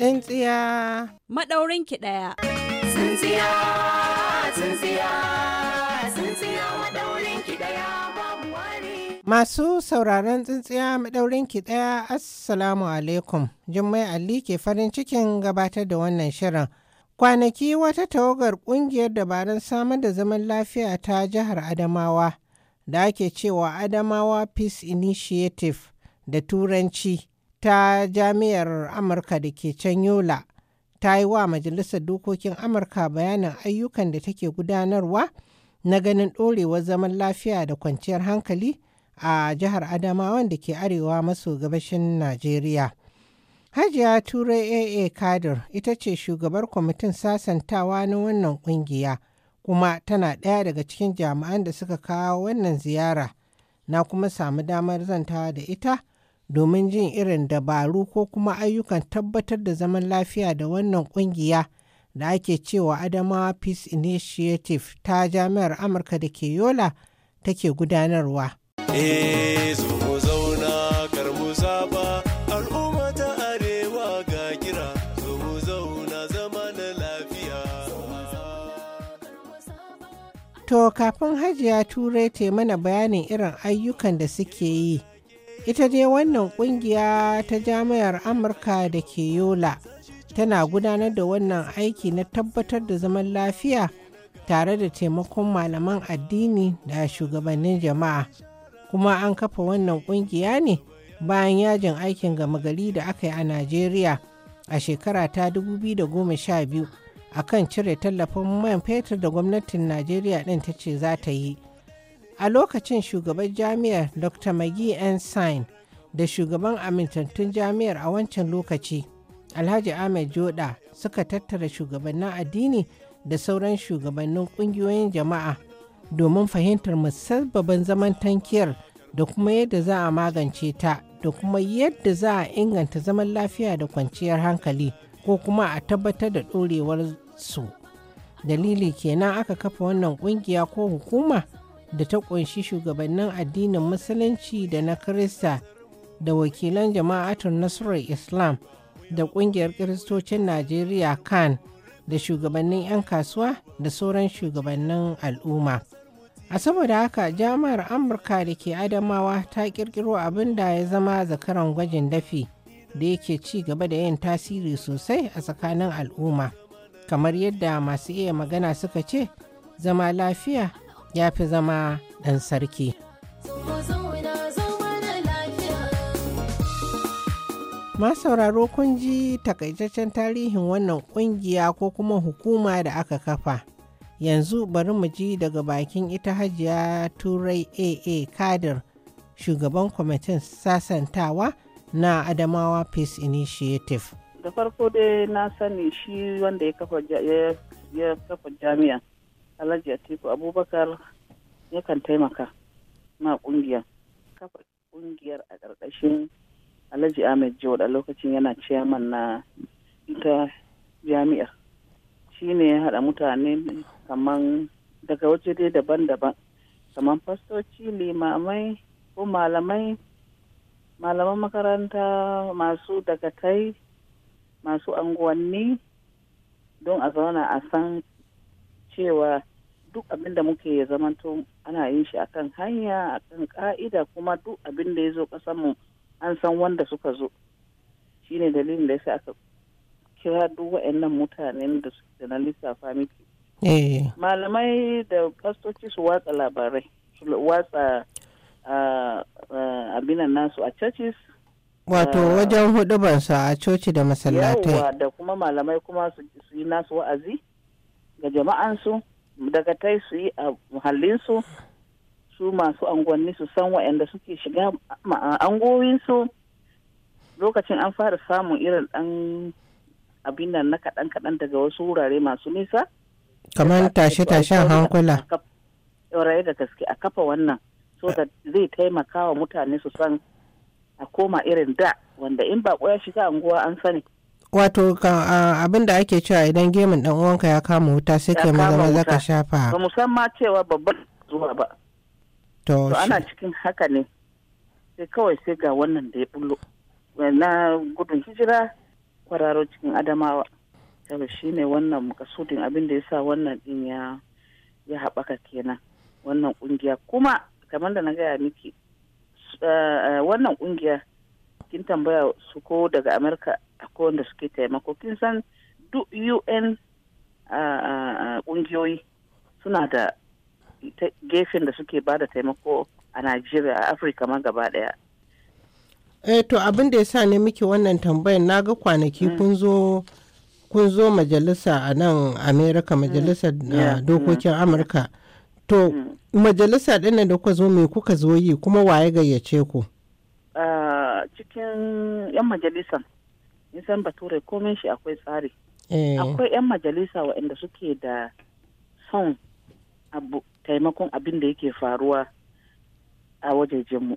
Tsintsiya. Maɗaurin ki ɗaya. Tsintsiya, tsintsiya, tsintsiya maɗaurin ki ɗaya babu wani. Masu sauraron tsintsiya maɗaurin ki ɗaya Assalamu alaikum. Jummai Ali ke farin cikin gabatar da wannan shirin. Kwanaki wata tawagar ƙungiyar dabarun samar da zaman lafiya ta jihar Adamawa da ake cewa Adamawa Peace Initiative da Turanci ta jami'ar amurka da ke can yola ta yi wa majalisar dokokin amurka bayanin ayyukan da take gudanarwa na ganin ɗorewar zaman lafiya da kwanciyar hankali a jihar adamawan da ke arewa maso gabashin najeriya hajiya turai aa kadir ita ce shugabar kwamitin sasantawa na wannan kungiya kuma tana ɗaya daga cikin jami'an da suka kawo wannan ziyara na kuma samu damar zantawa da ita domin jin irin dabaru ko kuma ayyukan tabbatar da zaman lafiya da wannan kungiya da ake cewa Adamawa Peace Initiative ta Jami'ar Amurka da ke Yola take gudanarwa. Eh, to kafin hajiya turai ta mana bayanin irin ayyukan da suke yi ita dai wannan kungiya ta jami'ar amurka da ke yola tana gudanar da wannan aiki na tabbatar da zaman lafiya tare da taimakon malaman addini da shugabannin jama'a kuma an kafa wannan kungiya ne bayan yajin aikin gama gari da aka yi a najeriya a shekara ta 2012 akan cire tallafin man fetur da gwamnatin najeriya ɗin ta ce za ta yi A lokacin shugaban jami'ar Dr. Magi Ensign da shugaban amintattun jami'ar a wancan lokaci, Alhaji Ahmed Joda suka tattara shugabannin addini da sauran shugabannin ƙungiyoyin jama'a domin fahimtar musabbabin zaman tankiyar da kuma yadda za a magance ta da kuma yadda za a inganta zaman lafiya da kwanciyar hankali ko kuma a tabbatar da ɗorewar su dalili kenan aka kafa wannan ƙungiya ko hukuma da ta ƙunshi shugabannin addinin musulunci da na Kirista da wakilan jama'atun Nasarar Islam da ƙungiyar Kiristocin Najeriya kan da shugabannin 'yan kasuwa da sauran shugabannin al'umma. A saboda haka jami'ar Amurka da ke Adamawa ta ƙirƙiro abin da ya zama zakaran gwajin dafi da yake ci gaba da yin tasiri sosai a tsakanin al'umma. Kamar yadda masu iya magana suka ce, zama lafiya ya fi zama ɗan sarki. Ma sauraro kun ji takaitaccen tarihin wannan ƙungiya ko kuma hukuma da aka kafa. Yanzu bari mu ji daga bakin ita hajiya Turai AA Kadir, shugaban kwamitin sasantawa na Adamawa Peace Initiative. Da farko dai na sani shi wanda ya kafa jami'a alhaji atiku abubakar yakan taimaka ma ƙungiyar kafa ƙungiyar a ƙarƙashin alhaji ahmed jawad a lokacin yana ciyaman na ita jami'ar shi ne ya haɗa mutane kaman daga waje dai daban-daban kaman fastoci limamai ko malamai malaman makaranta masu dagatai masu anguwanni don a zauna a san cewa duk abin da muke ya zamanto ana yin shi akan hanya akan ka'ida kuma duk abin da ya zo mu an san wanda suka zo shine dalilin da ya sa aka kira duk wa'annan mutanen da suke na lissafa miki eh. malamai da fastoci su watsa labarai su watsa abinan nasu a churches wato wajen hudu su a coci da masallatai yawa da kuma malamai kuma su yi nasu wa'azi ga jama'ansu dagatai su yi a muhallinsu su masu angonni su san waɗanda suke shiga angoyinsu lokacin an fara samun irin ɗan abin nan na kaɗan-kaɗan daga wasu wurare masu nisa kamar tashe-tashen hankula yauraye da gaske a kafa wannan so da eh. zai taimaka wa mutane su san a koma irin da wanda in ba ya shiga anguwa an sani wato abin da ake cewa idan gemun dan uwanka ya kama wuta sai ke maza maza ka shafa ba musamman cewa babban zuwa ba to ana cikin haka ne sai kawai sai ga wannan da ya bullo na gudun hijira kwararo cikin adamawa yau shi ne wannan makasudin abin da ya sa wannan din ya ya haɓaka kenan wannan kungiya kuma kamar da na gaya miki wannan kungiya kin tambaya su ko daga amurka akwai wanda suke taimako kin san duk un kungiyoyi suna da gefen da suke ba da taimako a najeriya a afirka ma gaba daya eh to abin da ya sa ne miki wannan tambayar na ga kwanaki mm. kun zo kun zo majalisa a nan amerika mm. majalisar uh, mm. dokokin amurka to majalisa din da kuka zo me kuka zo yi kuma waye gayyace ku uh, cikin yan majalisa nisan bature komai shi akwai tsari eh. akwai 'yan majalisa waɗanda suke da son taimakon abin da yake faruwa a wajejenmu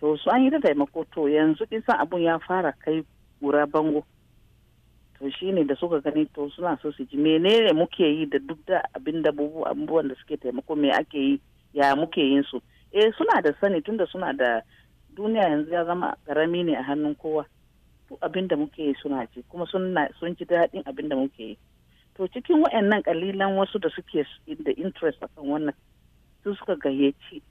to su an yi ta taimako to yanzu san abun ya fara kai gura bango to shine da suka gani to suna so su ji menene muke yi da duk da abin da abubuwan da suke taimako me ake yi ya muke yin su eh suna da sani tunda suna da duniya yanzu ya zama karami ne a hannun kowa duk abin da muke yi suna ji kuma sun ji daɗin abin da muke yi to cikin waɗannan kalilan wasu da suke da interest akan wannan sun suka gayyaci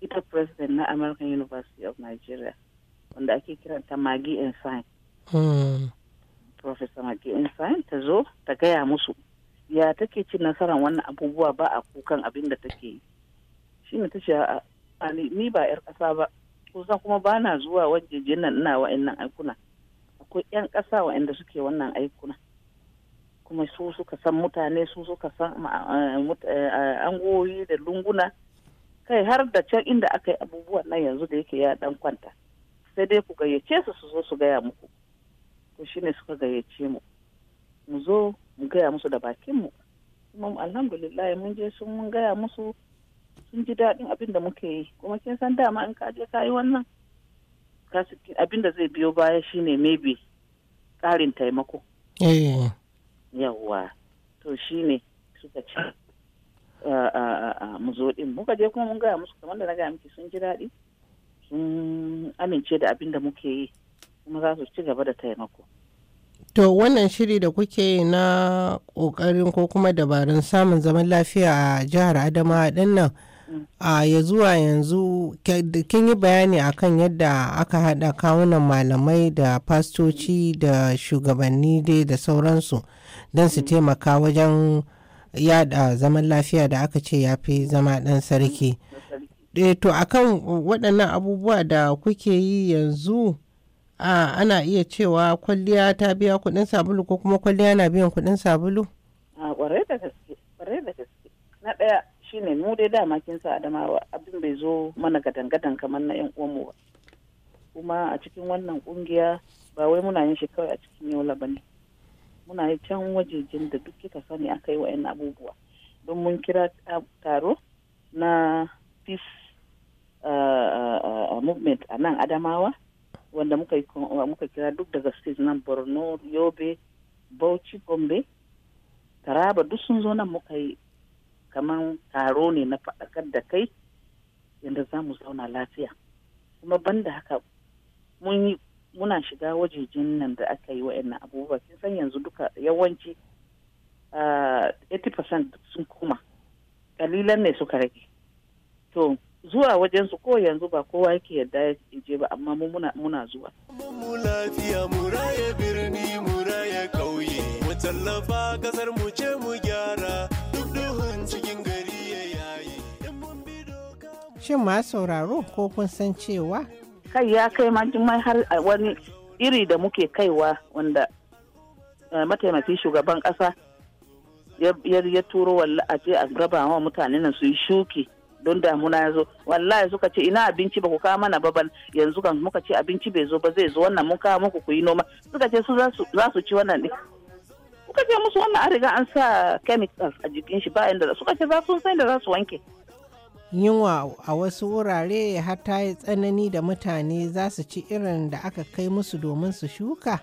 ita president na american university of nigeria wanda ake kiranta magi ensign hmm. professor magi ensign ta zo ta gaya musu ya take ci nasarar wannan abubuwa ba a kukan abin da take yi shine ta ce ni ba 'yar ƙasa ba kusan kuma ba na zuwa wajejen nan ina wa'annan aikuna akwai 'yan ƙasa wa'anda suke wannan aikuna kuma su suka san mutane su suka san eh, eh, angoyi da lunguna kai har da can inda aka yi abubuwan nan yanzu da yake ya dan kwanta sai dai ku gayyace su su zo su gaya muku to shine suka gayyace mu mu zo mu gaya musu da bakin mu kuma alhamdulillah mun je sun mun gaya musu sun ji daɗin abin da muke yi kuma kin san dama in ka ka yi wannan abin da zai biyo baya shine maybe ƙarin taimako eh. yawwa to shine suka ci mu zo din muka je kuma mun gaya musu kamar da na gaya miki sun ji daɗi sun amince da abin da muke yi kuma za su ci gaba da taimako To wannan shiri da kuke na ƙoƙarin ko kuma dabarun samun zaman lafiya a jihar Adamawa ɗin nan a ya zuwa yanzu kin yi bayani akan yadda aka haɗa kawunan malamai da fastoci da shugabanni dai da sauransu don su taimaka wajen yada zaman lafiya da aka ce ya fi zama ɗan sarki e, to akan waɗannan abubuwa da kuke yi yanzu a ana iya cewa kwalliya ta biya kuɗin sabulu ko kuma kwalliya na biyan kuɗin sabulu? a kwarai da gaske na ɗaya shine mu dai dama kin sa adamawa abin bai zo mana gadan gadan kamar na yan uwanmu ba kuma a cikin wannan kungiya ba wai muna yin shi kawai a cikin yola ba ne muna yi can wajejin da duk kika sani aka yi wa'yan abubuwa don mun kira taro na peace movement a nan adamawa wanda muka kira duk daga state nan borno yobe bauchi gombe taraba duk sun zo nan muka yi kamar taro ne na faɗakar da kai yadda za mu zauna lafiya kuma banda haka muna shiga wajejin nan da aka yi wa'annan abubuwa sun san yanzu duka yawanci 80% ah, sun kuma ƙalilan ne suka rage to zuwa wajensu ko yanzu ba kowa yake yadda ya je ba amma muna muna zuwa mu lafiya mu raye birni mu raye kauye mu tallafa kasar mu ce mu gyara Shin ma sauraro ko kun san cewa? Kai ya kai ma har wani iri da muke kaiwa wanda mataimakin shugaban ƙasa ya turo walla a ce a raba wa mutane nan su yi shuki don damuna ya zo wallahi suka ce ina abinci ba ku kawo mana ba yanzu kan muka ce abinci bai zo ba zai zo wannan mun kawo muku ku yi noma suka ce su za su ci wannan ɗin suka ce musu wannan an riga an sa chemicals a jikin shi ba inda suka ce za su san da za su wanke yunwa a wasu wurare har ya tsanani da mutane za su ci irin da aka kai musu domin su shuka?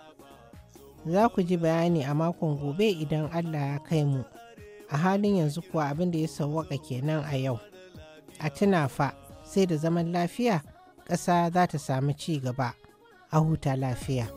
Za ku ji bayani a makon gobe idan Allah ya kai mu. A halin yanzu kuwa abin da ya sauwaka kenan a yau. A tuna fa sai da zaman lafiya ƙasa za ta samu ci gaba. A huta lafiya.